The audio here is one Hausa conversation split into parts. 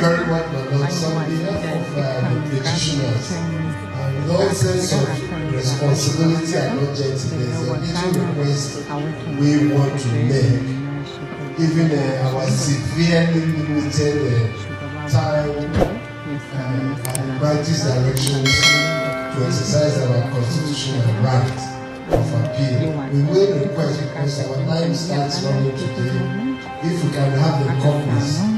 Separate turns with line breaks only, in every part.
very much, my Lord. So on behalf of petitioners, and uh, with all sense of responsibility and
urgency, there's a little request we want to make. Given uh, our severely limited uh, time uh, and uh, practice directions to
exercise our constitutional right of appeal. We will request because our time starts running today. If we can have the copies.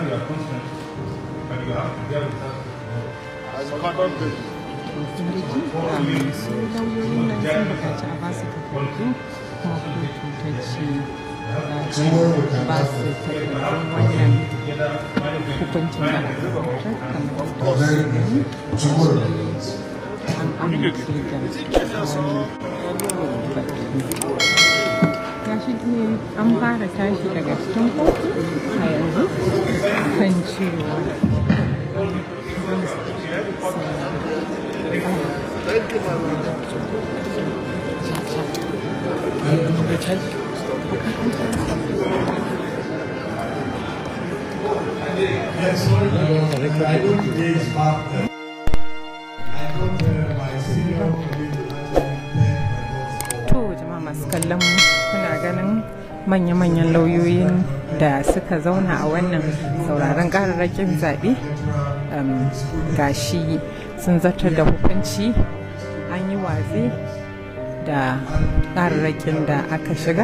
Grande a constante. Tá
ligado? Entendeu? Mas o papel domin lauyoyin nan sun bukaci
a basu takardu kuma kotu ta ce ba su takardun wannan hukuncin da aka rubuta kamar an amince da wannan batu czyli ambara sashi daga cikin o f i a y a n kan cewa
Yes, I w o u l
manya-manyan lauyoyin da suka zauna a wannan sauraron kararrakin zaɓe ga shi sun zartar da hukunci an yi watsi da kararrakin da aka shiga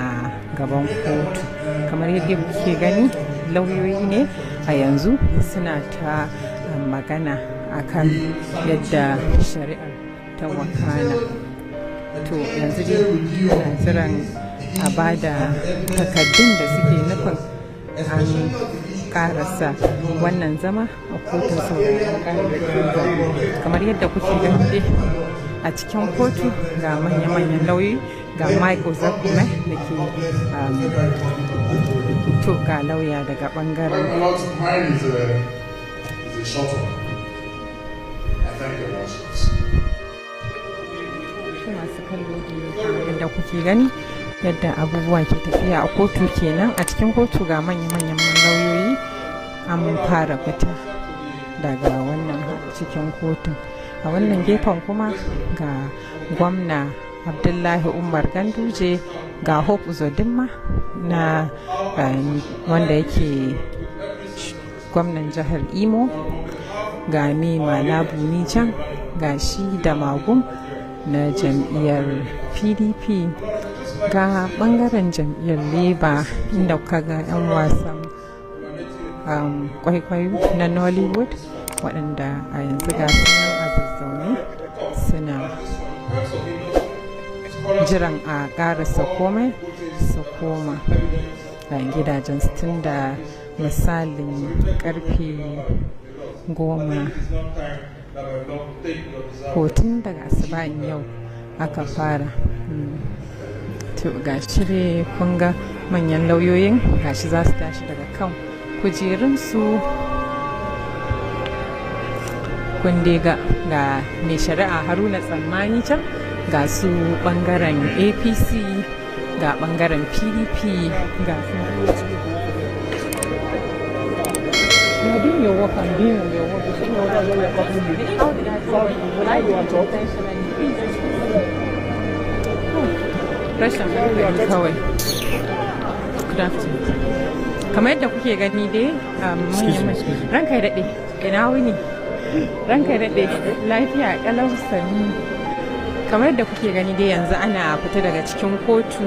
a gaban kotu kamar yadda kuke gani lauyoyi ne a yanzu suna ta magana akan yadda shari'ar ta wakana to yanzu dai jiran a ba da takaddun da suke nufin an karasa wannan zama a kotun sauran kamar yadda kuke gani a cikin kotu ga manya-manyan lauyi ga michael zakume da ke um, to ga lauya daga bangaren uh, masu kallo da kuke gani yadda abubuwa ke tafiya a kotu kenan a cikin kotu ga manya-manyan lauyoyi an fara fita daga wannan cikin kotu a wannan gefen kuma ga gwamna abdullahi umar ganduje ga hope zodinma na um, wanda yake gwamnan jihar imo ga mema labuni can ga shi da magun na jam'iyyar pdp ta bangaren jam'iyyar leba inda kaga 'yan wasan um, kwaikwayo na nollywood waɗanda a yanzu ga sunan a suna jiran a ƙarasa komai su koma a gidajen tun da misalin karfe goma hotun daga asiba'in yau aka fara mm, to gashi dai kun ga manyan lauyoyin ga shi za su tashi daga kan kujerunsu kun dai ga ga mai shari'a haruna tsammani can ga su bangaren apc ga bangaren pdp ga su You're your work and doing your work. Sorry, when I do attention and rashin kamar yadda kuke gani dai um, ranka daɗe ina wuni ranka daɗe lafiya ƙalau kamar yadda kuke gani dai yanzu ana fita daga cikin kotu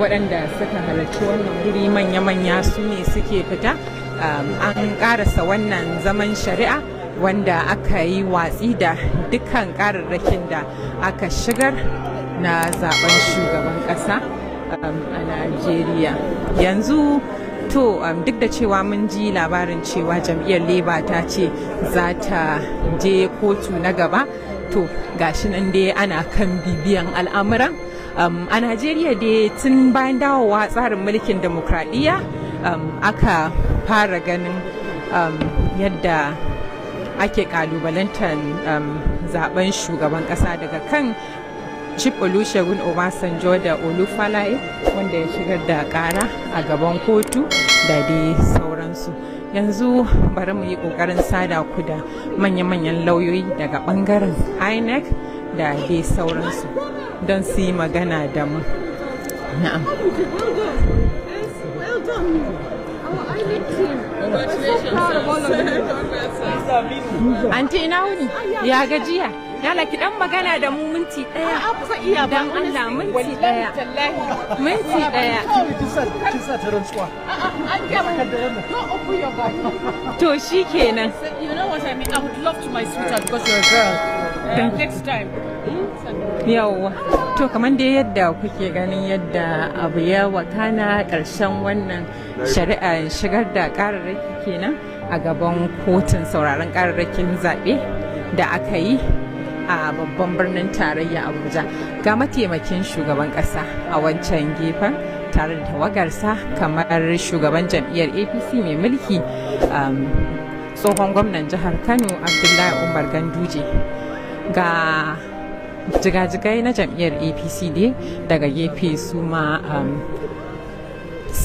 waɗanda suka halarci wannan guri manya-manya su ne suke fita um, an ƙarasa wannan zaman shari'a wanda aka yi watsi da dukkan ƙararrakin da aka shigar na zaben shugaban kasa um, a Najeriya. Yanzu to um, duk da cewa mun ji labarin cewa jam'iyyar leba ta ce za ta je kotu na gaba to gashi nan dai ana kan bibiyan al'amuran. Um, a Najeriya dai tun bayan dawowa tsarin mulkin demokradiyya aka fara ganin yadda ake kalubalantar zaben shugaban kasa daga kan chief olusegun obasanjo da olufalaye wanda ya shigar da kara a gaban kotu da dai sauransu yanzu bari mu yi kokarin sada ku da manya-manyan lauyoyi daga bangaren inec da dai sauransu don su yi magana da mu na'am Congratulations, ya gajiya Yala ki dan magana da mu minti daya. A ba zan iya ba. Dan Allah minti daya. Minti daya. Ki sa ta rantsuwa. an ga maka da wannan. No open your body. To shikenan. You know what I mean? I would love to my sweetheart because you're a girl. Uh, next time. Hmm? Yawwa. To kaman dai yadda kuke ganin yadda abu ya wakana karshen wannan shari'a shigar da kararraki kenan a gaban kotun sauraron kararrakin zaɓe da aka yi a babban birnin tarayya abuja ga mataimakin shugaban kasa a wancan gefen tare da tawagarsa kamar shugaban jam'iyyar apc mai mulki um, tsohon gwamnan jihar kano abdullahi umar ganduje ga jigajigai na jam'iyyar apc ne daga gefe su ma um,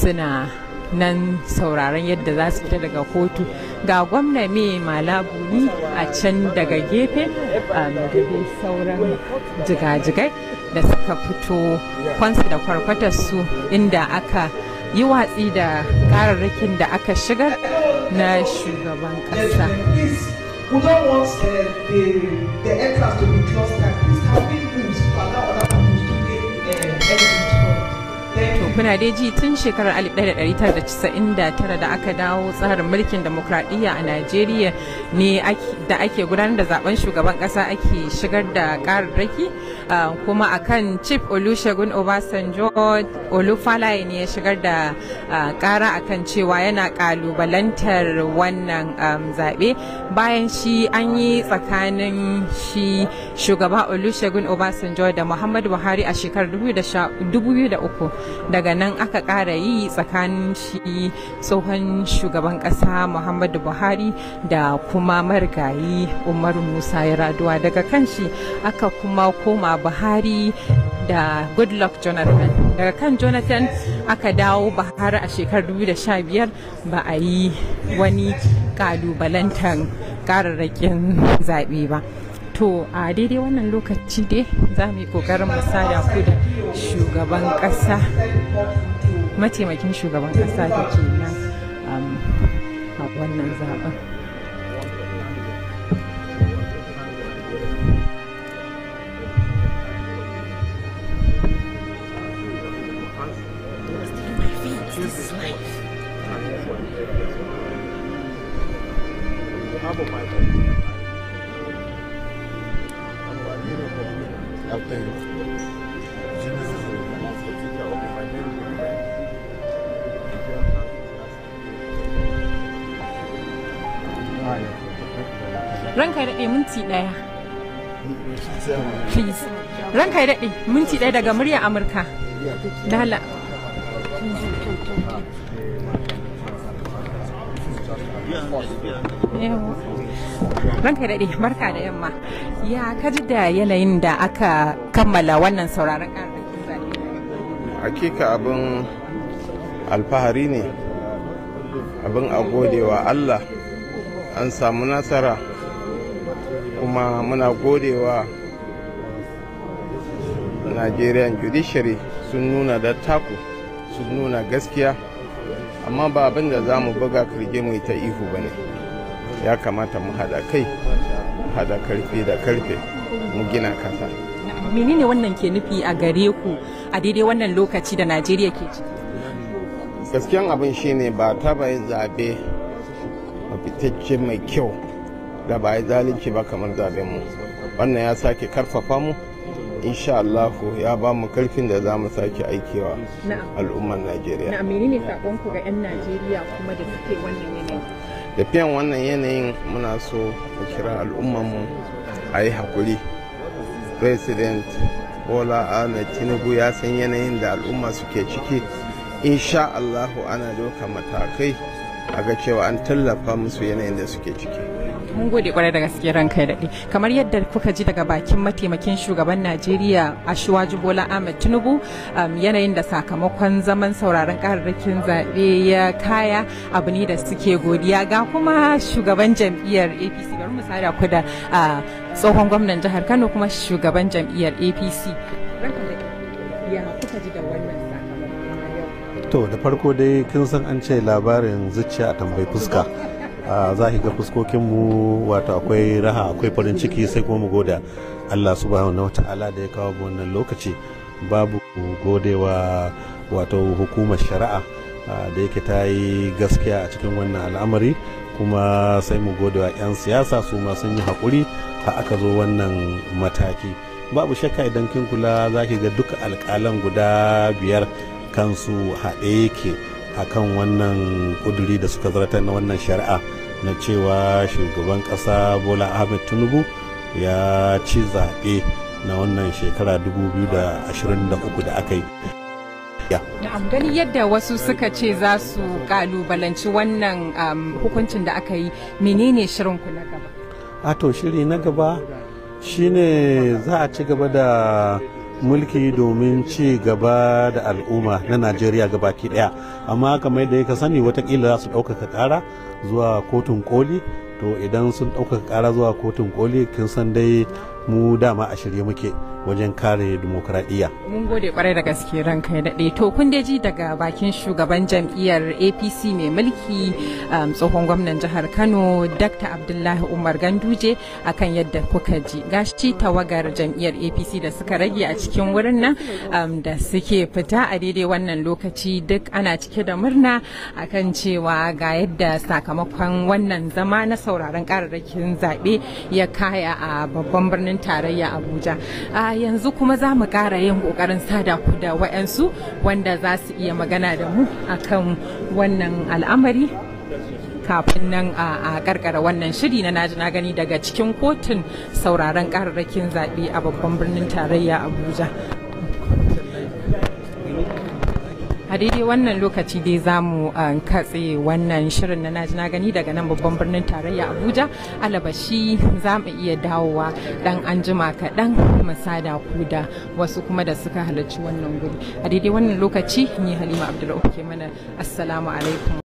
suna nan sauraron yadda za su fita daga kotu ga gwamna me malabuni a can daga gefe a dai sauran jigajigai da suka fito kwansu da su inda aka yi watsi da kararrakin da aka shigar na shugaban ƙasa. muna daji tun shekarar 1999 da aka dawo tsarin mulkin demokradiyya a najeriya ne da ake gudanar da zaben shugaban kasa ake shigar da kararraki kuma akan chief olusegun obasanjo olufalaye ne ya shigar da kara akan cewa yana kalubalantar wannan um, zaɓe bayan shi an yi tsakanin shi shugaba olusegun obasanjo da muhammadu buhari a shekarar 2003 daga nan aka ƙara yi tsakanin shi tsohon shugaban ƙasa muhammadu buhari da kuma marigayi umaru musa raduwa daga kan shi aka kuma koma buhari da goodluck jonathan daga kan jonathan aka dawo buhari a shekarar 2015 ba a yi wani ƙalubalantar kararrakin zaɓe ba to a daidai wannan lokaci dai za mu yi kokarin mu ku da shugaban kasa mataimakin shugaban kasa da ke nan um, a wannan zaben
Thank you. tego. Rankai
daɗe minti ɗaya. Please. Rankai eh, daɗe minti ɗaya daga murya Amurka. Dala.
Thank you.
ranka daɗe barka da yamma ya kaji da yanayin da aka kammala wannan sauraron ƙararrakin zaɓe
hakika abin alfahari ne abin a wa allah an samu nasara kuma muna godewa nigerian judiciary sun nuna da taku sun nuna gaskiya amma ba abin da za mu buga kirge mu ta ihu ba ne ya kamata mu haɗa kai haɗa karfe da karfe mu gina kasa
menene wannan ke nufi a gare ku a daidai wannan lokaci da najeriya ke ci
gaskiyan abin shi ne ba taba yin zabe mafitacce mai kyau da ba yi zalunci ba kamar zaɓen mu wannan ya sake karfafa mu insha Allah ya ba mu karfin da za mu sake aikewa al'ummar Najeriya. Na
menene sakonku ga 'yan Najeriya kuma da suke wannan yanayi?
Tafiyan wannan yanayin muna so mu kira al'ummarmu a yi hakuri. President Bola Ahmed Tinubu ya san yanayin da al'umma suke ciki. Insha Allahu ana doka matakai a ga cewa an tallafa musu yanayin da suke ciki.
mun gode kwarai da gaske ran kai daɗe kamar yadda kuka ji daga bakin mataimakin shugaban najeriya ashwaju bola ahmed tinubu um, yanayin da sakamakon zaman sauraron kararrakin zaɓe ya kaya abu ne da suke godiya ga kuma shugaban jam'iyyar apc bari mu sada ku da uh, tsohon gwamnan jihar kano kuma shugaban jam'iyyar apc to da
farko dai kin san an ce labarin zuciya a tambayi fuska za ki ga fuskokinmu wato akwai raha akwai farin ciki sai kuma mu goda Allah subhanahu wata'ala da ya kawo mu wannan lokaci babu godewa wato hukumar shari'a da yake ta yi gaskiya a cikin wannan al'amari kuma sai mu godewa 'yan siyasa su ma sun yi haƙuri a aka zo wannan mataki babu shakka idan kin kula za ki ga duka alƙalan guda biyar kansu haɗe yake kan wannan ƙuduri da suka zartar na wannan shari'a na cewa shugaban kasa bola ahmed tinubu ya ci zaɓe na wannan shekara 2023 da aka yi
Na'am gani yadda wasu suka ce za su kalubalanci wannan um, hukuncin da aka yi menene
ku na gaba? Ato shiri na gaba shine za a ci gaba da mulki domin ci gaba da al'umma na najeriya baki daya amma kamar yadda ka sani watakila za su ɗaukaka ƙara zuwa kotun koli to idan sun ɗaukaka ƙara zuwa kotun koli kin san dai mu dama a shirye muke wajen kare demokradiyya.
Mun gode kwarai da gaske ranka ya daɗe. To kun ji daga bakin shugaban jam'iyyar APC mai mulki um, tsohon gwamnan jihar Kano Dr. Abdullahi Umar Ganduje akan yadda kuka ji. Gashi tawagar jam'iyyar APC da suka rage a cikin wurin nan um, da suke fita a daidai wannan lokaci duk ana cike da murna akan cewa ga yadda sakamakon wannan zama na sauraron kararrakin zaɓe ya kaya a babban birnin tarayya Abuja. yanzu kuma za mu ƙara yin ƙoƙarin sada ku da wa'yansu wanda za su iya magana da mu akan wannan al'amari kafin nan a karkara wannan shiri na naji na gani daga cikin kotun sauraron ƙararrakin zaɓe a babban birnin tarayya abuja a daidai wannan lokaci dai za mu ah, katse wannan shirin na naji na gani daga nan babban birnin tarayya abuja alabashi za mu iya dawowa dan an jima kaɗan masada ku da wasu kuma da suka halarci wannan guri a daidai wannan lokaci ni halima abdullahi ke mana assalamu alaikum